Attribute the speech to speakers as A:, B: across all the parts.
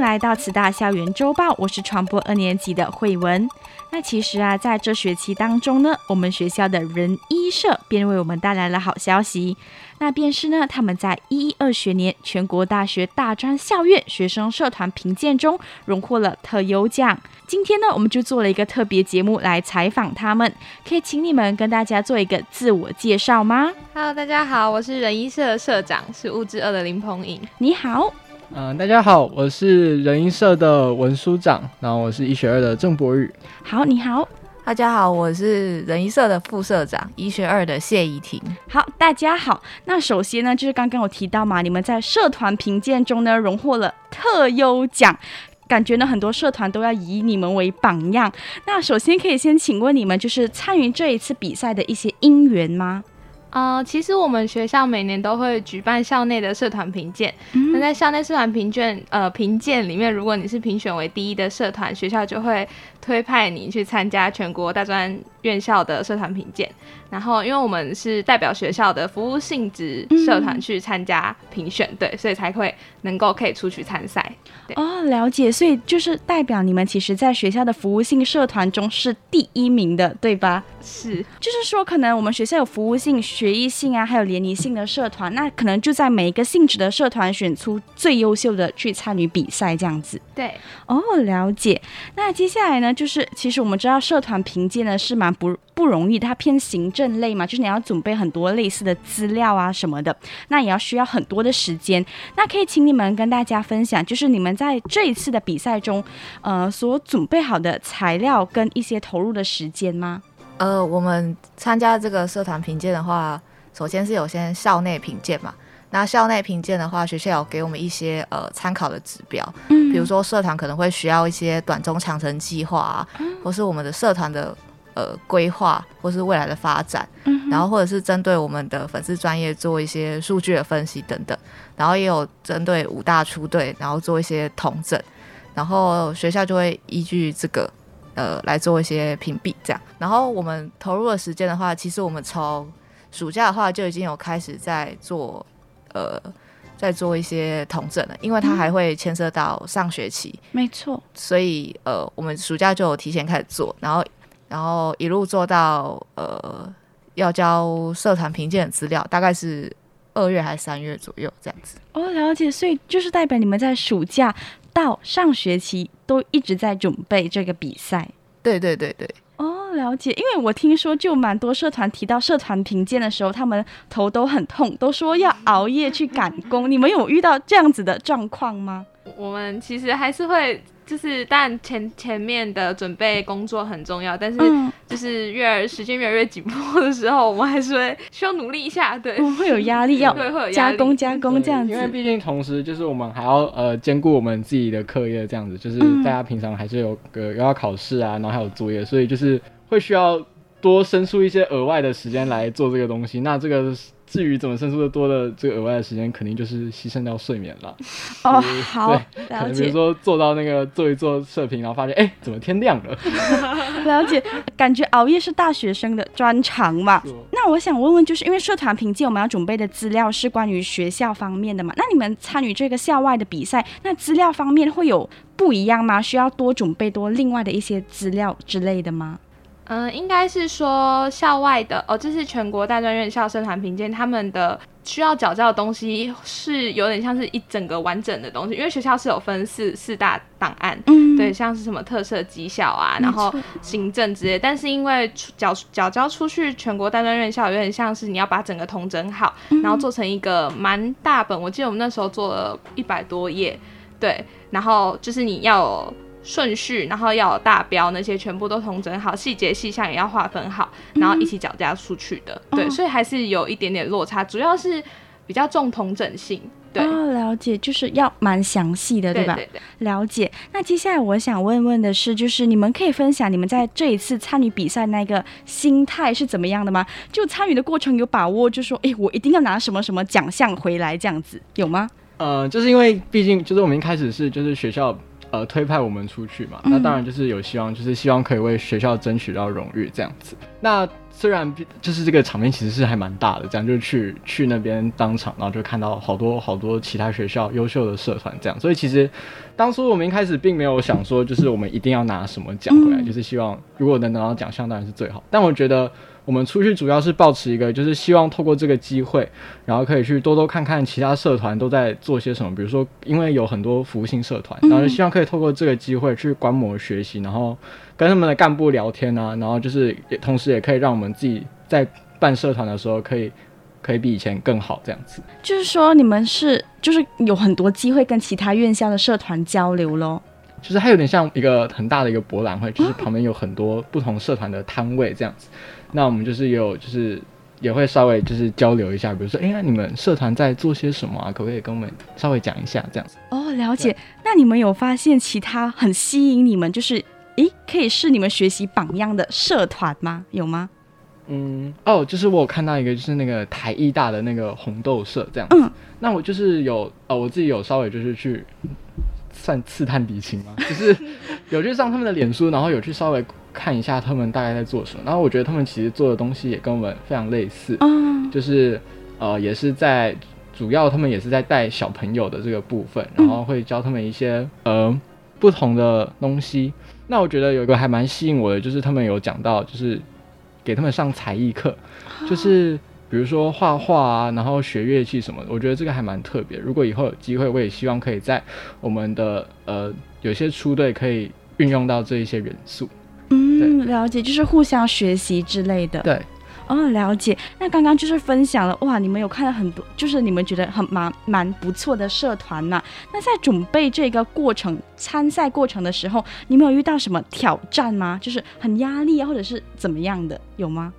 A: 來到慈
B: 大校園週報，我是傳播二年級的慧文。那其實啊，在這學期當中呢，我們學校的人醫社便為我們帶來了好消息，那便是呢，他們在一一二學年全國大學大專校院學生社團評鑑中榮獲了特優獎。今天呢，我們就做了一個特別節目來採訪他們，可以請你們跟大家做一個自我介紹嗎
A: ？Hello，大家好，我是人醫社的社長，是物治二的林芃穎。你好。
C: 嗯、呃，大家好，我是人醫社的文書長，然後我是醫學二的鄭柏宇。
A: 好，你好，大家好，我是
D: 人醫社的副社長，醫學二的謝宜庭。好，大家好。那首先
B: 呢，就是剛剛我提到嘛，你們在社團評鑑中呢榮獲了特優獎，感覺呢很多社團都要以你們為榜樣。那首先可以先請問你們，就是
A: 參與這一次比賽的一些因緣嗎？啊、呃，其實我們學校每年都會舉辦校內的社團評鑑。嗯、那在校內社團評卷呃評鑑裡面，如果你是評選為第一的社團，學校就會推派你去參加全國大專院校的社團評鑑。然後，因為我們是代表學校的服務性質社團去參加評選，嗯、對，所以才會。能夠可以出去參賽，對哦，了解。
B: 所以就是代表你們其實，在學校的服務性社團中是第一名的，對吧？是，就是說，可能我們學校有服務性、學藝性啊，還有聯誼性的社團，那可能就在每一個性質的社團選出最優秀的去參與比賽，這樣子。對，哦，了解。那接下來呢，就是其實我們知道社團評鑑呢是蠻不不容易，它偏行政類嘛，就是你要準備很多類似的資料啊什麼的，那也要需要很多的時間，那可以請。你們跟大家分享，就是你們在這一次的比
D: 賽中，呃，所準備好的材料跟一些投入的時間嗎？呃，我們參加這個社團評鑑的話，首先是有些校內評鑑嘛。那校內評鑑的話，學校有給我們一些呃參考的指標，嗯嗯。比如說社團可能會需要一些短中長程計劃啊，或是我們的社團的。呃，規劃或是未來的發展，嗯、哼然後或者是針對我們的粉絲專業做一些數據的分析等等，然後也有針對五大出隊，然後做一些統整，然後學校就會依據這個呃來做一些評比，這樣。然後我們投入的時間的話，其實我們從暑假的話就已經有開始在做呃在做一些統整了，因為它還會牽涉到上學期，嗯、沒錯。所以呃，我們暑假就有提前開始做，然後。然後一路做到呃，要交社團評鑑的資料，大概是二月還是三月左右這樣子。
B: 哦，了解。所以就是代表你們在暑假到上學期都一直在準備這個比賽。對對對對。哦，了解。因為我聽說就蠻多社團提到社團評鑑的時候，他們頭都很痛，都說要熬夜去趕工。 你們有遇到這樣子的狀況嗎？
A: 我們其實還是會。就是，但前前面的準備工作很重要，但是就是越時間越來越緊迫的時候，我們還是會需要努力一下，對，我們、哦、會有壓力，、哦、會有壓力，要
B: 加工加工這樣子，因為畢
C: 竟同時就是我們還要呃兼顧我們自己的課業這樣子，就是大家平常還是有個要考試啊，然後還有作業，所以就是會需要多伸出一些額外的時間來做這個東西，那這個。至於怎麼勝出的多的這個額外的時間，肯定就是犧牲掉睡眠了。哦，好，對了解。可能比如說做到那個做一做測評，然後發現哎、欸，怎麼天亮了？
B: 了解，感覺熬夜是大學生的專長嘛。嗎那我想問問，就是因為社團評鑑我們要準備的資料是關於學校方面的嘛？那你們參與這個校外的比賽，那資料方面會有不一樣嗎？需要多準備多另外的一些資料之類的嗎？
A: 嗯，應該是說校外的哦，這、就是全國大專院校社團評鑑，他們的需要繳交的東西是有點像是一整個完整的東西，因為學校是有分四四大檔案，嗯、對，像是什麼特色績效啊，然後行政之類，沒錯，但是因為繳繳交出去全國大專院校，有點像是你要把整個統整好，嗯、然後做成一個蠻大本，我記得我們那時候做了一百多頁，對，然後就是你要有。順序，然後要有大標，那些全部都統整好，細節細項也要劃分好，然後一起腳架出去的。嗯哦、對，所以還是有一點點落差，主要是比較重統整性。對，
B: 哦、了解就是要蠻詳細的，對吧？對對對了解。那接下來我想問問的是，就是你們可以分享你們在這一次參與比賽那個心態是怎麼樣的嗎？就參與的過程有把握，就說哎、欸，我一定要拿什麼什麼獎項回來這樣子，有嗎？
C: 呃，就是因為畢竟就是我們一開始是就是學校。呃，推派我們出去嘛，嗯。那當然就是有希望，就是希望可以為學校爭取到榮譽這樣子。那雖然就是這個場面其實是還蠻大的，這樣就去去那邊當場，然後就看到好多好多其他學校優秀的社團這樣，所以其實。當初我們一開始並沒有想說，就是我們一定要拿什麼獎回來，就是希望如果能拿到獎項當然是最好。但我覺得我們出去主要是抱持一個，就是希望透過這個機會，然後可以去多多看看其他社團都在做些什麼，比如說因為有很多服務性社團，然後就希望可以透過這個機會去觀摩學習，然後跟他們的幹部聊天啊，然後就是也同時也可以讓我們自己在辦社團的時候可以。可以比以前更好，這樣子。就
B: 是說，你們是就是有很多機會跟其他院校的社團交流嘍。
C: 就是還有點像一個很大的一個博覽會，就是旁邊有很多不同社團的攤位這樣子。哦、那我們就是也有就是也會稍微就是交流一下，比如說，哎、欸、呀，你們社團在做些什麼啊？可不可以跟我們稍微講一下這樣子？
B: 哦，了解。對那你們有發現其他很吸引你們，就是誒、欸、可以是你們學習榜樣的社團嗎？有
C: 嗎？嗯哦，就是我有看到一個，就是那個台藝大的那個紅豆社這樣子。嗯。那我就是有，哦，我自己有稍微就是去算刺探敵情嘛， 就是有去上他們的臉書，然後有去稍微看一下他們大概在做什麼。然後我覺得他們其實做的東西也跟我們非常類似，嗯，就是呃也是在主要他們也是在帶小朋友的這個部分，然後會教他們一些呃不同的東西。那我覺得有一個還蠻吸引我的，就是他們有講到就是。給他們上才藝課，就是比如說畫畫啊，然後學樂器什麼的。我覺得這個還蠻特別。如果以後有機會，我也希望可以在我們的呃有些出隊可以運用到這一些元素。
B: 嗯，了解，就是互相學習之類的。對。哦，了解。那剛剛就是分享了，哇，你們有看到很多，就是你們覺得很蠻蠻不錯的社團吶、啊。那在準備這個過程、參賽過程的時候，你們有遇到什麼挑戰嗎？就是很壓力啊，或者是怎麼樣的，有嗎？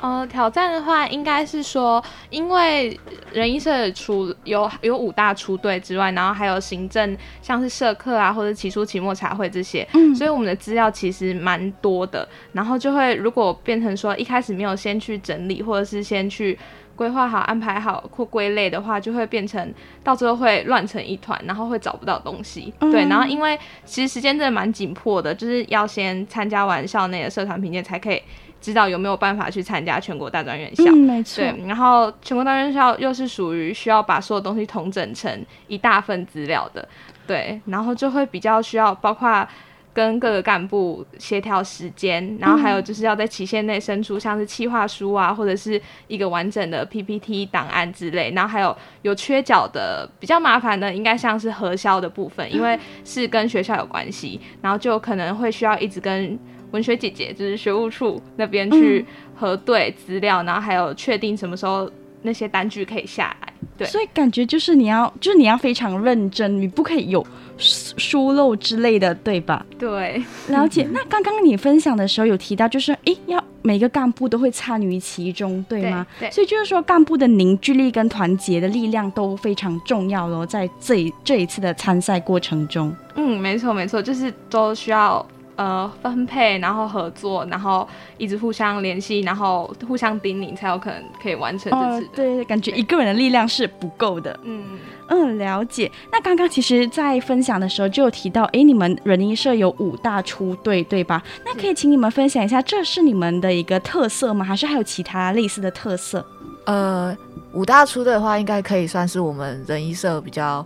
A: 呃，挑戰的話，應該是說，因為人醫社除有有五大出隊之外，然後還有行政，像是社課啊，或者期初、期末茶會這些，嗯、所以我們的資料其實蠻多的。然後就會，如果變成說一開始沒有先去整理，或者是先去規劃好、安排好或歸類的話，就會變成到最後會亂成一團，然後會找不到東西。嗯、對，然後因為其實時間真的蠻緊迫的，就是要先參加完校內的社團評鑑才可以。知道有沒有辦法去參加全國大專院校？嗯、沒錯，然後全國大專院校又是屬於需要把所有東西統整成一大份資料的，對，然後就會比較需要包括跟各個幹部協調時間，然後還有就是要在期限內生出像是企劃書啊，嗯、或者是一個完整的 PPT 檔案之類，然後還有有缺角的比較麻煩的，應該像是核銷的部分，嗯、因為是跟學校有關係，然後就可能會需要一直跟。文學姐姐就是學務處那邊去核對資料，嗯、然後還有確定什麼時候那些單據可以下來。對，所
B: 以感覺就是你要，就是你要非常認真，你不可以有疏漏之類的，對吧？
A: 對，了解。
B: 那剛剛你分享的時候有提到，就是誒，要每個幹部都會參與其中，對嗎？對。對，所以就是說，幹部的凝聚力跟團結的力量都非常重要咯，在這一這一次的參賽過程中。
A: 嗯，沒錯沒錯，就是都需要。呃，分配，然後合作，然後一直互相聯繫，然後互相叮嚀，才有可能可以完成這次、呃。對，感覺一個人的力量是不夠的。
B: 對嗯嗯、呃，了解。那剛剛其實，在分享的時候就有提到，哎，你們人醫社有五大出隊，對吧？那可以請你們分享一下，這是你們的一個特
D: 色嗎？還是還有其他類似的特色？嗯、呃，五大出隊的話，應該可以算是我們人醫社比較。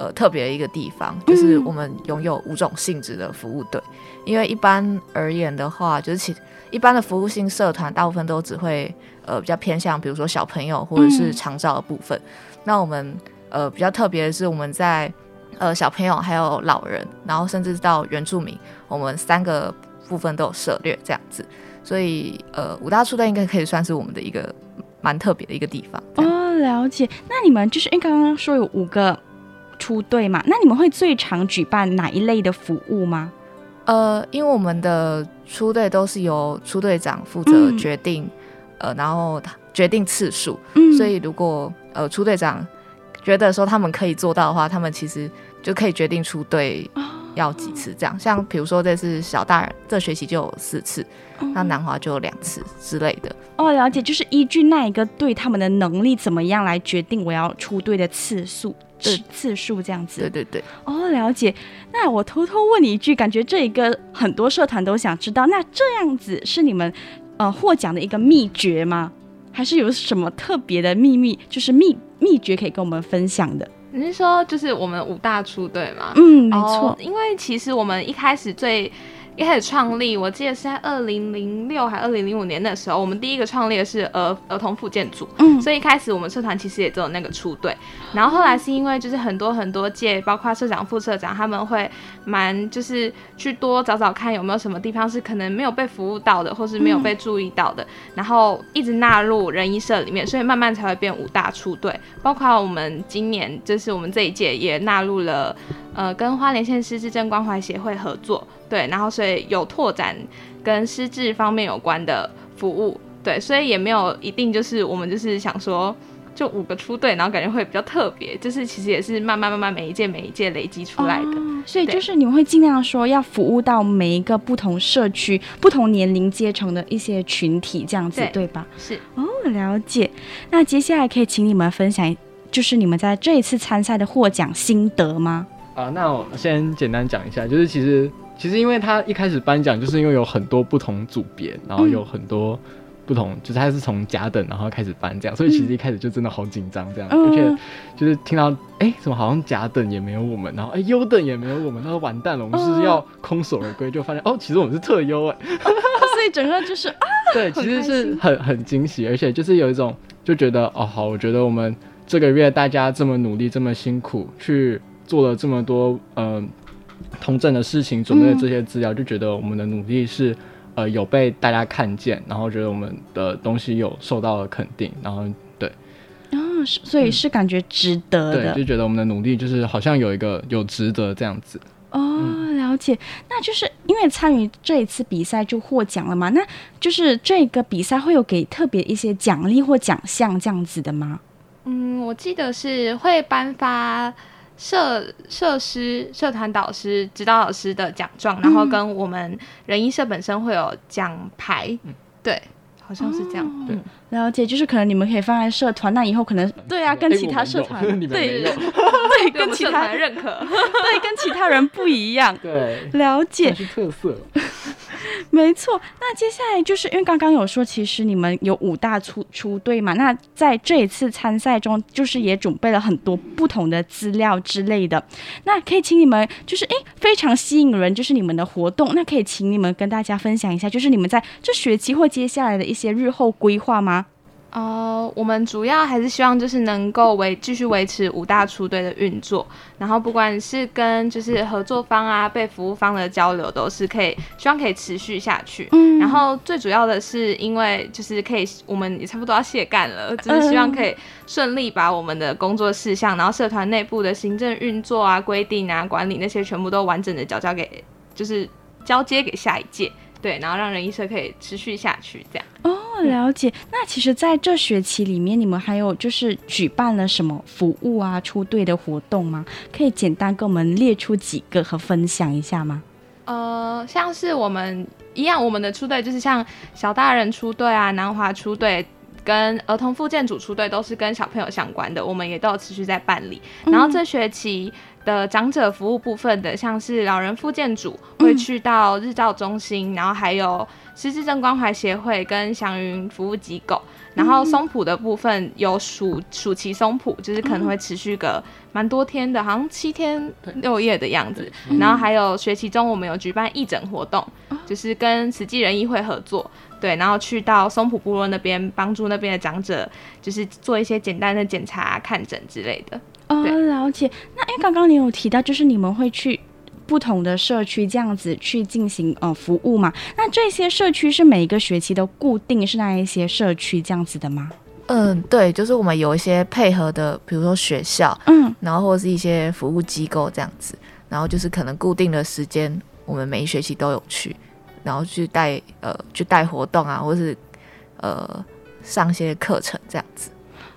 D: 呃，特別的一個地方就是我們擁有五種性質的服務隊，嗯、因為一般而言的話，就是其一般的服務性社團大部分都只會呃比較偏向，比如說小朋友或者是長照的部分。嗯、那我們呃比較特別的是，我們在呃小朋友還有老人，然後甚至到原住民，我們三個部分都有涉獵這樣子。所以呃，五大處隊應該可以算是我們的一個蠻特別的一個地方。
B: 哦，了解。那你們就是因為剛剛說有五個。出隊嘛？那你們會最常舉辦哪一類的服
D: 務嗎？呃，因為我們的出隊都是由出隊長負責決定，嗯、呃，然後決定次數。嗯、所以如果呃出隊長覺得說他們可以做到的話，他們其實就可以決定出隊要幾次。這樣，哦、像比如說這次小大人，這學期就有四次，嗯、那南華就有兩次之類的。
B: 哦，了解，就是依據那一個隊他們的能力怎麼樣來決定我要出隊的次數。次數這樣子，對對對，哦，了解。那我偷偷問你一句，感覺這一個很多社團都想知道，那這樣子是你們呃獲獎的一個秘訣嗎？還是有什麼特別的秘密，就是秘秘訣可以跟我們分享的？
A: 你是說就是我們五大出隊嗎？嗯，沒錯，哦。因為其實我們一開始最。一開始創立，我記得是在二零零六還二零零五年的時候，我們第一個創立的是兒兒童復健組。嗯、所以一開始我們社團其實也只有那個出隊。然後後來是因為就是很多很多屆，包括社長、副社長，他們會蠻就是去多找找看有沒有什麼地方是可能沒有被服務到的，或是沒有被注意到的，嗯、然後一直納入人醫社裡面，所以慢慢才會變五大出隊。包括我們今年就是我們這一屆也納入了，呃，跟花蓮縣失智症關懷協會合作。對，然後所以有拓展跟失智方面有關的服務，對，所以也沒有一定就是我們就是想說就五個出隊，然後感覺會比較特別，就是其實也是慢慢慢慢每一屆每一屆累積出來的。
B: 啊，所以就是你們會盡量說要服務到每一個不同社區、對不同年齡階層的一些群體這樣子，對，對吧？是哦，了解。那接下來可以請你們分享就是你們在這一次參賽的獲獎心得嗎？
C: 啊，那我先簡單講一下，就是其實。其實，因為他一開始頒獎，就是因為有很多不同組別，然後有很多不同，嗯、就是他是從甲等，然後開始頒這樣，所以其實一開始就真的好緊張這樣，嗯、而且就是聽到，哎、欸，怎麼好像甲等也沒有我們，然後哎，欸，優等也沒有我們，他說完蛋了，我們是不是要空手而歸，就發現哦、喔，其實我們是特優欸，
B: 所以整個就是啊，對，其實是
C: 很很驚喜，而且就是有一種就覺得哦，好，我覺得我們這個月大家這麼努力，這麼辛苦，去做了這麼多，嗯、呃。通證的事情準備了這些資料，嗯、就覺得我們的努力是，呃，有被大家看見，然後覺得我們的東西有受到了肯定，然後對，
B: 然後是所以是感覺
C: 值得的對，就覺得我們的努力就是好像有一個有值得這樣子
B: 哦，嗯、了解。那就是因為參與這一次比賽就獲獎了嘛，那就是這個比賽會有給特別一些獎勵或獎項這樣子的嗎？
A: 嗯，我記得是會頒發。社設施、社團導師、指導老師的獎狀，然後跟我們人醫社本身會有獎牌，嗯、對，嗯、好像是這樣。
B: 對、嗯，了解，就是可能你們可以放在社團，那以後可能對啊，跟其他社團、欸、對，對，對跟其他人認可， 對，跟其他人不一樣，對，了解是特色。 沒錯，那接下來就是因為剛剛有說，其實你們有五大出出隊嘛，那在這一次參賽中，就是也準備了很多不同的資料之類的。那可以請你們就是哎，非常吸引人，就是你們的活動，那可以請你們跟大家分享一下，就是你們在這學期或接下來的一
A: 些日後規劃嗎？哦，uh, 我們主要還是希望就是能夠維繼續維持五大出隊的運作，然後不管是跟就是合作方啊、被服務方的交流都是可以，希望可以持續下去。嗯、然後最主要的是因為就是可以，我們也差不多要卸幹了，就是希望可以順利把我們的工作事項，嗯、然後社團內部的行政運作啊、規定啊、管理那些全部都完整的交交給，就是交接給下一屆。對，然後讓人醫社可以持續下去，這樣。哦，
B: 了解。那其實在這學期裡面，你們還有就是舉辦了什麼服務啊、出隊的活動嗎？可以簡單跟我們列出幾個和分享一下嗎？
A: 呃，像是我們一樣，我們的出隊就是像小大人出隊啊、南華出隊。跟兒童附建組出隊，都是跟小朋友相關的，我們也都有持續在辦理。嗯、然後這學期的長者服務部分的，像是老人附建組會去到日照中心，嗯、然後還有失智症關懷協會跟祥雲服務機構。嗯、然後松浦的部分有暑暑期松浦，就是可能會持續個蠻多天的，好像七天六夜的樣子。嗯、然後還有學期中我們有舉辦義診活動，就是跟慈濟人醫會合作。對，然後去到松浦部落那邊，幫助那邊的長者，就是做一些簡單的檢查、看診之類的。
B: 哦，了解。那因為剛剛你有提到，就是你們會去不同的社區這樣子去進行呃服務嘛？那這些社區是每一個學期都固定是
D: 那一些社區這樣子的嗎？嗯，對，就是我們有一些配合的，比如說學校，嗯，然後或者是一些服務機構這樣子，然後就是可能固定的時間，我們每一學期都有去。然後去帶呃去帶活動啊，或是呃上些課程這樣子。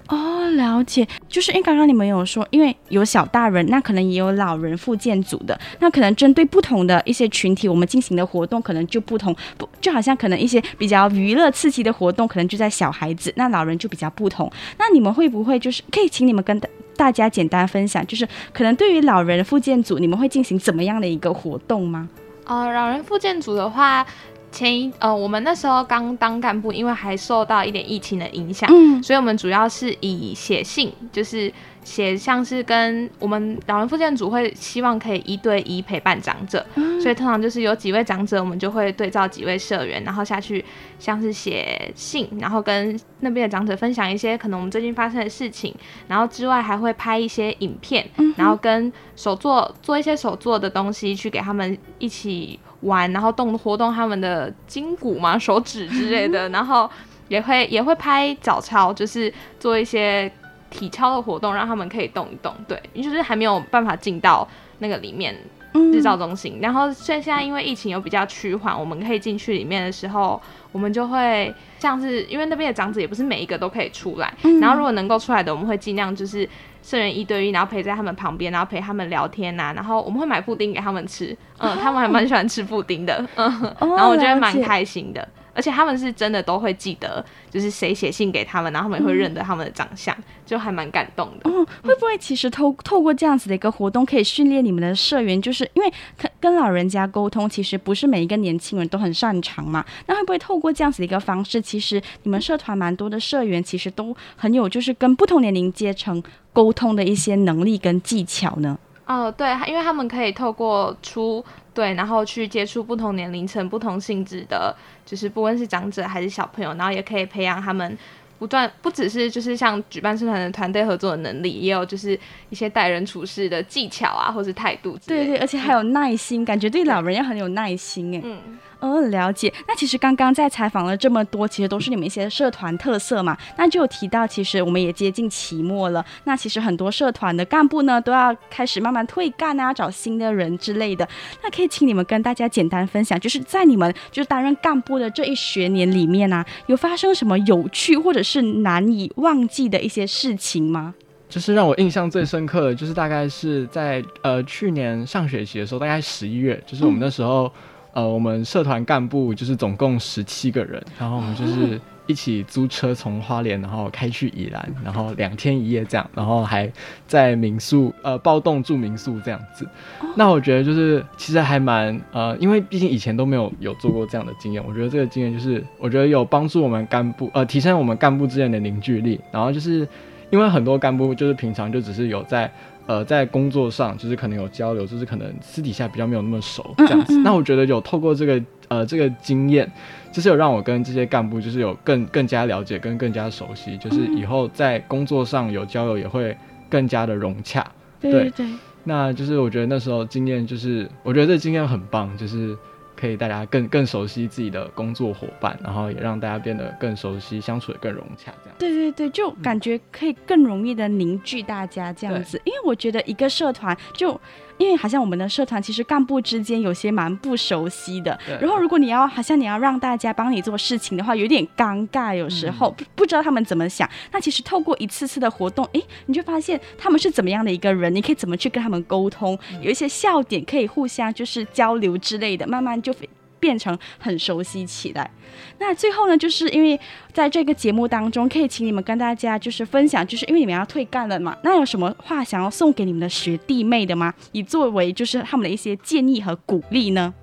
B: 哦，了解。就是因為剛剛你們有說，因為有小大人，那可能也有老人復健組的，那可能針對不同的一些群體，我們進行的活動可能就不同。不，就好像可能一些比較娛樂刺激的活動，可能就在小孩子，那老人就比較不同。那你們會不會就是可以請你們跟大大家簡單分享，就是可能對於老人復健組，你們會進行怎麼樣的一個活動嗎？
A: 呃，老人復健組的話，前一呃，我們那時候剛當幹部，因為還受到一點疫情的影響，嗯，所以我們主要是以寫信，就是。寫像是跟我們老人復健組會希望可以一對一陪伴長者，嗯、所以通常就是有幾位長者，我們就會對照幾位社員，然後下去像是寫信，然後跟那邊的長者分享一些可能我們最近發生的事情，然後之外還會拍一些影片，嗯、哼然後跟手作做一些手作的東西去給他們一起玩，然後動活動他們的筋骨嘛，手指之類的，然後也會也會拍早操，就是做一些。體操的活動讓他們可以動一動，對，就是還沒有辦法進到那個裡面日照中心。嗯、然後現現在因為疫情又比較趨緩，我們可以進去裡面的時候，我們就會像是因為那邊的長者也不是每一個都可以出來，嗯、然後如果能夠出來的，我們會盡量就是社員一對一，然後陪在他們旁邊，然後陪他們聊天吶、啊，然後我們會買布丁給他們吃，嗯，他們還蠻喜歡吃布丁的，哦、嗯，然後我覺得蠻開心的。哦而且他們是真的都會記得，就是誰寫信給他們，然後他們也會認得他們的長相，嗯、就還蠻感動的。嗯，會
B: 不會其實透透過這樣子的一個活動，可以訓練你們的社員，就是因為跟老人家溝通，其實不是每一個年輕人都很擅長嘛。那會不會透過這樣子的一個方式，其實你們社團蠻多的社員，其實都很有就是跟不同年齡階層溝通的一些能力跟技巧呢？
A: 哦、嗯，對，因為他們可以透過出隊，然後去接觸不同年齡層、不同性質的，就是不論是長者還是小朋友，然後也可以培養他們不斷不只是就是像舉辦社團的團隊合作的能力，也有就是一些待人處事的技巧啊，或是態度。
B: 對，對對，而且還有耐心，嗯、感覺對老人要很有耐心哎、嗯。嗯、哦，了解。那其實剛剛在採訪了這麼多，其實都是你們一些社團特色嘛。那就有提到，其實我們也接近期末了。那其實很多社團的幹部呢，都要開始慢慢退幹啊，找新的人之類的。那可以請你們跟大家簡單分享，就是在你們就是擔任幹部的這一學年裡面啊，有發生什麼有趣或者是難以忘記的一些事情嗎？
C: 就是讓我印象最深刻的，就是大概是在呃去年上學期的時候，大概十一月，就是我們那時候。嗯呃，我們社團幹部就是總共十七個人，然後我們就是一起租車從花蓮，然後開去宜蘭，然後兩天一夜這樣，然後還在民宿，呃，包棟住民宿這樣子。那我覺得就是其實還蠻呃，因為畢竟以前都沒有有做過這樣的經驗，我覺得這個經驗就是我覺得有幫助我們幹部，呃，提升我們幹部之間的凝聚力。然後就是因為很多幹部就是平常就只是有在。呃，在工作上就是可能有交流，就是可能私底下比較沒有那麼熟這樣子。嗯嗯嗯、那我覺得有透過這個呃這個經驗，就是有讓我跟這些幹部就是有更更加了解跟更，更加熟悉，就是以後在工作上有交流也會更加的融洽。對、嗯、對。對那就是我覺得那時候經驗就是，我覺得這個經驗很棒，就是。可以大家更更熟悉自己的工作夥伴，然後也讓大家變得更熟悉，相處也更融洽，這樣。
B: 對對對，就感覺可以更容易的凝聚大家這樣子，嗯、因為我覺得一個社團就。因為好像我們的社團其實幹部之間有些蠻不熟悉的，然後如果你要好像你要讓大家幫你做事情的話，有點尷尬，有時候、嗯、不，不知道他們怎麼想。那其實透過一次次的活動，哎，你就發現他們是怎麼樣的一個人，你可以怎麼去跟他們溝通，嗯、有一些笑點可以互相就是交流之類的，慢慢就。變成很熟悉起來。那最後呢，就是因為在這個節目當中，可以請你們跟大家就是分享，就是因為你們要退幹了嘛。那有什麼話想要送給你們的學弟妹的嗎？以作為就是他們的一些建議和鼓勵呢？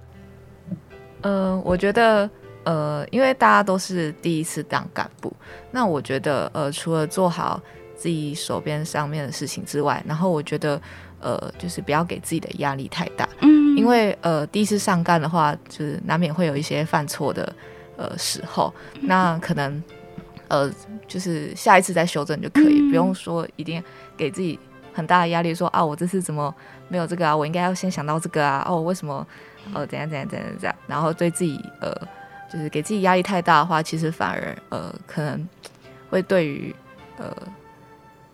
D: 呃，我覺得呃，因為大家都是第一次當幹部，那我覺得呃，除了做好自己手邊上面的事情之外，然後我覺得。呃，就是不要給自己的壓力太大，嗯，因為呃，第一次上幹的話，就是難免會有一些犯錯的呃時候，那可能呃，就是下一次再修正就可以，嗯，不用說一定給自己很大的壓力，說啊，我這次怎麼沒有這個啊？我應該要先想到這個啊？哦，為什麼？哦，怎樣怎樣怎樣怎樣，這樣，這樣，這樣？然後對自己呃，就是給自己壓力太大的話，其實反而呃，可能會對於呃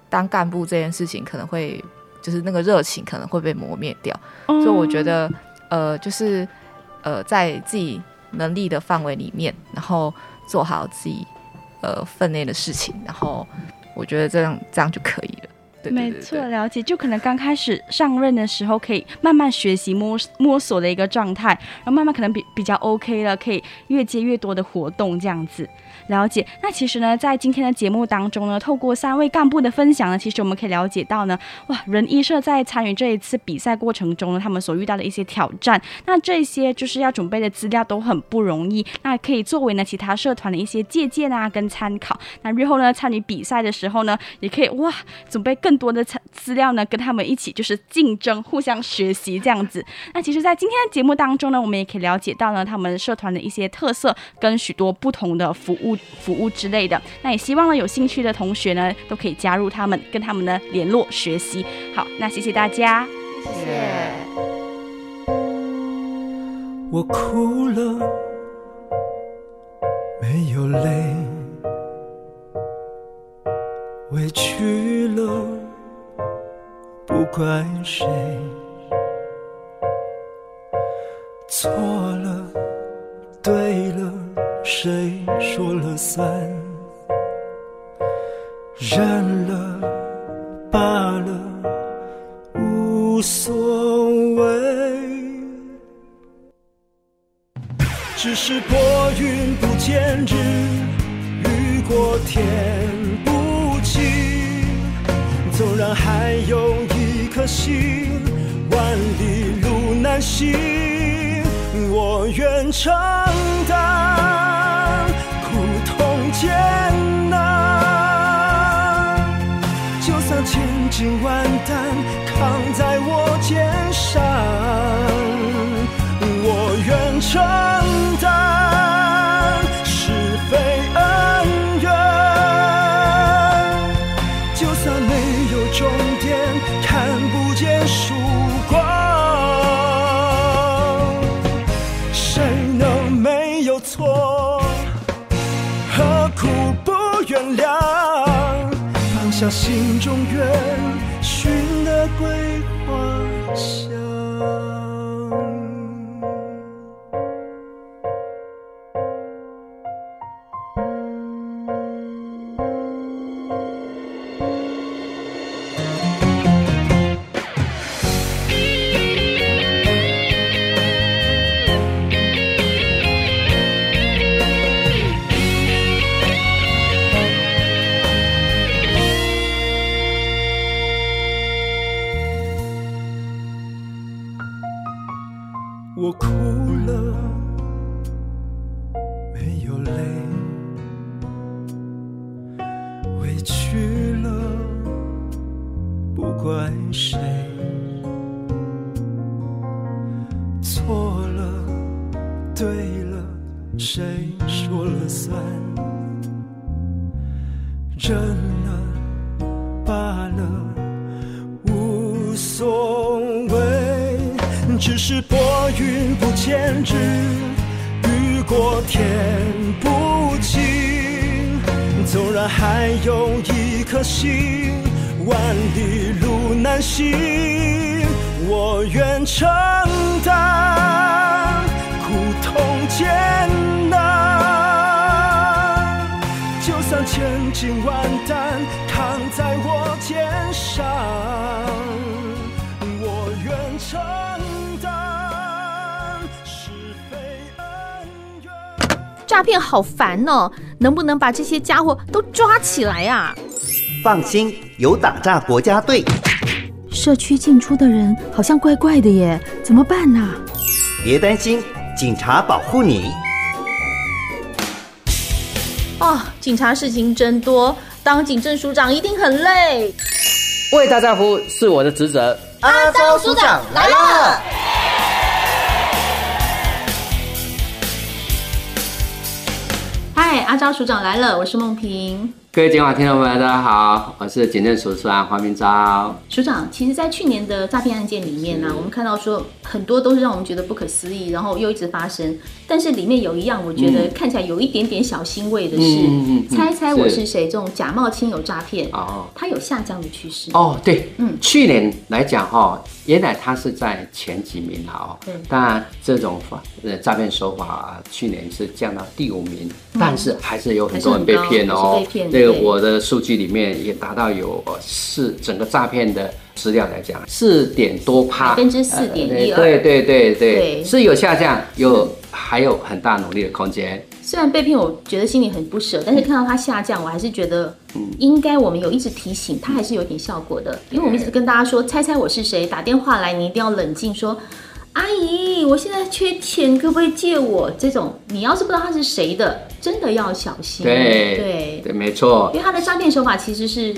D: 當幹部這件事情可能會。就是那個熱情可能會被磨滅掉，嗯，所以我覺得，呃，就是，呃，在自己能力的範圍裡面，然後做好自己呃分內的事情，然後我覺得這樣這樣就可以了。
B: 對，對，對，對，沒錯，了解。就可能剛開始上任的時候，可以慢慢學習摸摸索的一個狀態，然後慢慢可能比比較 OK 了，可以越接越多的活動這樣子。了解，那其實呢，在今天的節目當中呢，透過三位幹部的分享呢，其實我們可以了解到呢，哇，人醫社在參與這一次比賽過程中呢，他們所遇到的一些挑戰，那這些就是要準備的資料都很不容易，那可以作為呢其他社團的一些借鑑啊跟參考，那日後呢參與比賽的時候呢，也可以哇準備更多的資資料呢，跟他們一起就是競爭，互相學習這樣子。那其實，在今天的節目當中呢，我們也可以了解到呢，他們社團的一些特色跟許多不同的服務。服務之類的，那也希望呢，有興趣的同學呢，都可以加入他們，跟他們呢聯絡學習。好，那謝謝大家，
E: 謝謝。我哭了，沒有淚；委屈了，不怪誰；錯了。誰說了算？認了罷了，無所謂。只是薄雲不見日，雨過天不晴。縱然還有一顆心，萬里路難行，我願承擔。艱難，啊，就算千斤萬擔扛在我肩上，我願承擔。那心中願尋的桂花香。認了，罷了，無所謂。只是撥雲不見日，雨過天不晴。縱然還有一顆心，萬里路難行。我願承擔苦痛煎。千斤萬擔扛在我我肩上，我願承擔
F: 是非恩怨。詐騙好煩哦！能不能把這些家伙都抓起來呀、
G: 啊？放心，有打詐國家隊。
F: 社區進出的人好像怪怪的耶，怎麼辦呢、啊？別擔
G: 心，警察保護你。
F: 啊、哦，警察事情真多，當警政署長一定很累。為大家服務
G: 是我的職責。
F: 阿昭署長來了。嗨耶，Hi, 阿昭署長來了，我是孟萍。
G: 各位警廣聽眾朋友們，大家好，我是警政署署長黃明昭。
F: 署長，其實，在去年的詐騙案件裡面呢、啊，是我們看到說很多都是讓我們覺得不可思議，然後又一直發生。但是裡面有一樣，我覺得看起來有一點點小欣慰的是，嗯、猜猜我是誰是這種假冒親友詐騙、哦、它有下降的趨勢。哦，對，嗯，
G: 去年來講哈、哦。原來它是在前幾名的哦，當然、嗯、這種呃詐騙手法、啊、去年是降到第五名，嗯、但是還是有很多人很被騙哦。被騙。那個我的數據裡面也達到有四，整個詐騙的資料來講四點多趴，百分之四點一二。對對對對，對對對對是有下降，有還有很大努力的空間。
F: 雖然被騙，我覺得心裡很不舍，但是看到它下降，嗯、我還是覺得。應該我們有一直提醒他，還是有點效果的，因為我們一直跟大家說，猜猜我是誰，打電話來你一定要冷靜說，阿姨，我現在缺錢，可不可以借我？這種你要是不知道他是誰的，真的要小心。對對
G: 對，沒錯。因為他
F: 的詐騙手法其實是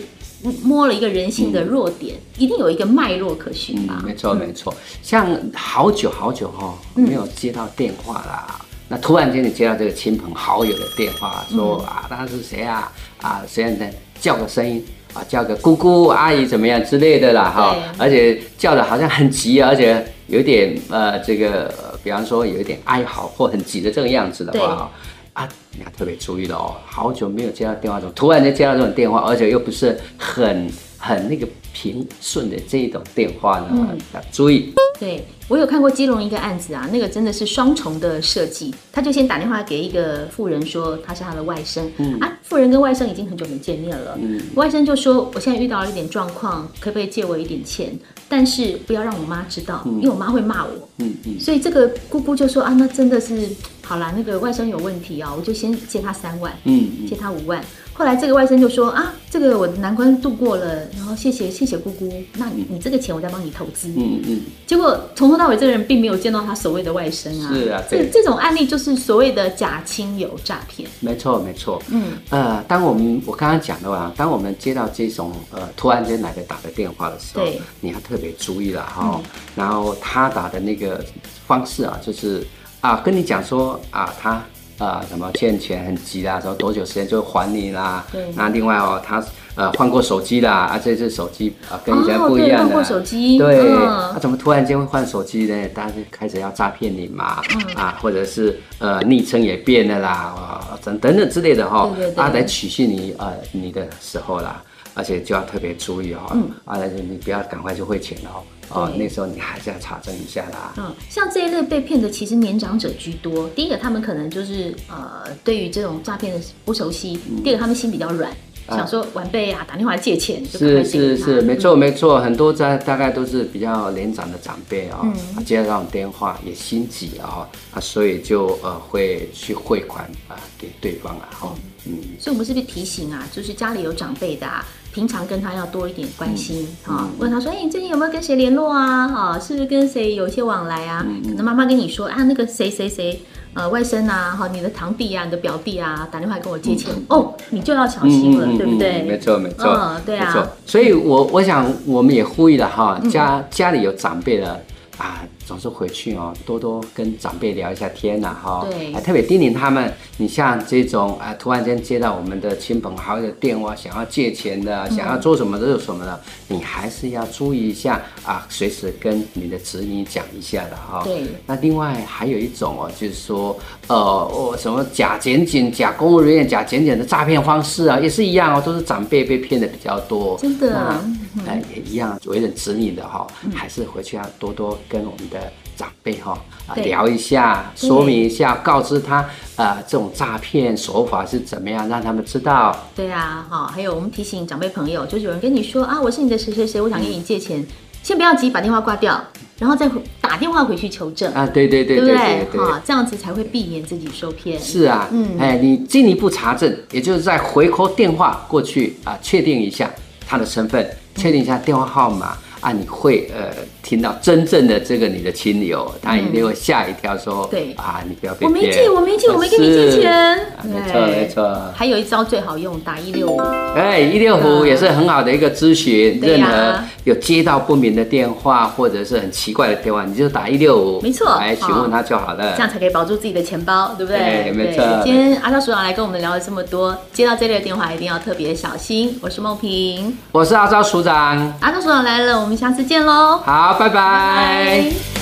F: 摸了一個人性的弱點，嗯、一定有一個脈絡可循吧？嗯、沒錯沒錯，像
G: 好久好久哦，嗯、沒有接到電話啦。那突然間你接到這個親朋好友的電話說，說啊他是誰啊啊，誰然、啊啊、在叫個聲音啊，叫個姑姑阿姨怎麼樣之類的啦哈，啊、而且叫的好像很急、啊，而且有一點呃這個，比方說有一點哀嚎或很急的這個樣子的話對啊，你要特別注意了哦，好久沒有接到電話中，突然間接到這種電話，而且又不是很很那個平順的這一種電話呢，嗯、要注意。
F: 對我有看過基隆一個案子啊，那個真的是雙重的設計。他就先打電話給一個婦人說他是他的外甥，嗯啊，婦人跟外甥已經很久沒見面了，嗯，外甥就說我現在遇到了一點狀況，可以不可以借我一點錢？但是不要讓我媽知道，嗯、因為我媽會罵我，嗯嗯，嗯所以這個姑姑就說啊，那真的是好啦。那個外甥有問題啊，我就先借他三萬，嗯，嗯借他五萬。後來這個外甥就說啊，這個我難關度過了，然後謝謝謝謝姑姑，那你你這個錢我再幫你投資。嗯嗯。嗯結果從頭到尾這個人並沒有見到他所謂的外甥啊。是啊。這這種案例就是所謂的假親友詐騙。沒
G: 錯沒錯。沒錯嗯。呃，當我們我剛剛講的吧，當我們接到這種呃突然間來的打的電話的時候，對。你要特別注意了哈。哦。嗯。然後他打的那個方式啊，就是啊跟你講說啊他。啊，什、呃、麼欠錢很急啦，說多久時間就還你啦？對那另外哦，他呃換過手機啦，啊，這次手機啊、呃、跟以前不一樣的。換、哦、過手
F: 機。對。他、嗯啊、
G: 怎麼突然間會換手機呢？當然是開始要詐騙你嘛。嗯、啊，或者是呃昵稱也變了啦，啊、呃、等等之類的哈、哦，他、啊、來取信你呃你的時候啦，而且就要特別注意哈、哦，嗯、啊，你不要趕快去匯錢哦。對哦，那時候你還是要查證一下的啊。
F: 嗯、哦，像這一類被騙的，其實年長者居多。第一個，他們可能就是呃，對於這種詐騙的不熟悉；嗯、第二個，他們心比較軟，啊、想說晚輩啊打電話借錢，就啊、是是是，
G: 沒錯沒錯，很多在大概都是比較年長的長輩啊、哦，嗯、接到這種電話也心急啊、哦，啊，所以就呃會去匯款啊給對方啊，哦、嗯，嗯。
F: 所以我們是不是提醒啊，就是家裡有長輩的、啊。平常跟他要多一點關心、嗯嗯哦、問他說：“哎、欸，你最近有沒有跟誰聯絡啊？哈、哦，是不是跟誰有一些往來啊？嗯、可能媽媽跟你說啊，那個誰誰誰，呃，外甥啊，哈、哦，你的堂弟啊，你的表弟啊，打電話跟我借錢，嗯、哦，你就要小心了，嗯、對不對？沒錯、嗯，沒錯、嗯，
G: 對啊。所以我，我我想，我們也呼籲了哈，家、嗯、家裡有長輩的啊。”總是回去哦，多多跟長輩聊一下天吶、啊哦，哈。對。特別叮嚀他們，你像這種啊，突然間接到我們的親朋好友的電話，想要借錢的，嗯、想要做什麼，都有什麼的，你還是要注意一下啊，隨時跟你的子女講一下的、哦，哈。對。那另外還有一種哦，就是說，呃，我、哦、什麼假檢警、警、假公務人員、假檢警、警的詐騙方式啊，也是一樣哦，都是長輩被騙的比較多。真的、啊。哎，嗯、也一樣，作為人子女的哈，嗯、還是回去要多多跟我們的長輩哈啊聊一下，對說明一下，告知他啊、呃，這種詐騙手法是怎麼樣，讓他們知道。
F: 對啊，哈，還有我們提醒長輩朋友，就是有人跟你說啊，我是你的誰誰誰，嗯、我想跟你借錢，先不要急，把電話掛掉，然後再打電話回去求證
G: 啊。對對對，對對，對，對，對，對不對？哈，這
F: 樣子才會避免自己受騙。是啊，嗯，哎、欸，
G: 你進一步查證，也就是再回撥電話過去啊，確定一下他的身份。確定一下電話號碼。啊，你會呃聽到真正的這個你的親友，他一定會嚇一跳，說對啊，你不要被騙，我沒借，我沒借，我沒跟你借
F: 錢，沒錯沒錯。還有一招最好用，打一六五。
G: 哎，一六五也是很好的一個諮詢，任何有接到不明的電話或者是很奇怪的電話，你就打一六五，沒錯，哎，詢問他就好了，這樣才
F: 可以保住自己的錢包，對不對？沒錯。今天阿昭署長來跟我們聊了這麼多，接到這類的電話一定要特別小心。我是孟平，
G: 我是阿昭署長，
F: 阿昭署長來了。我們下次見嘍！
G: 好，拜拜。拜拜。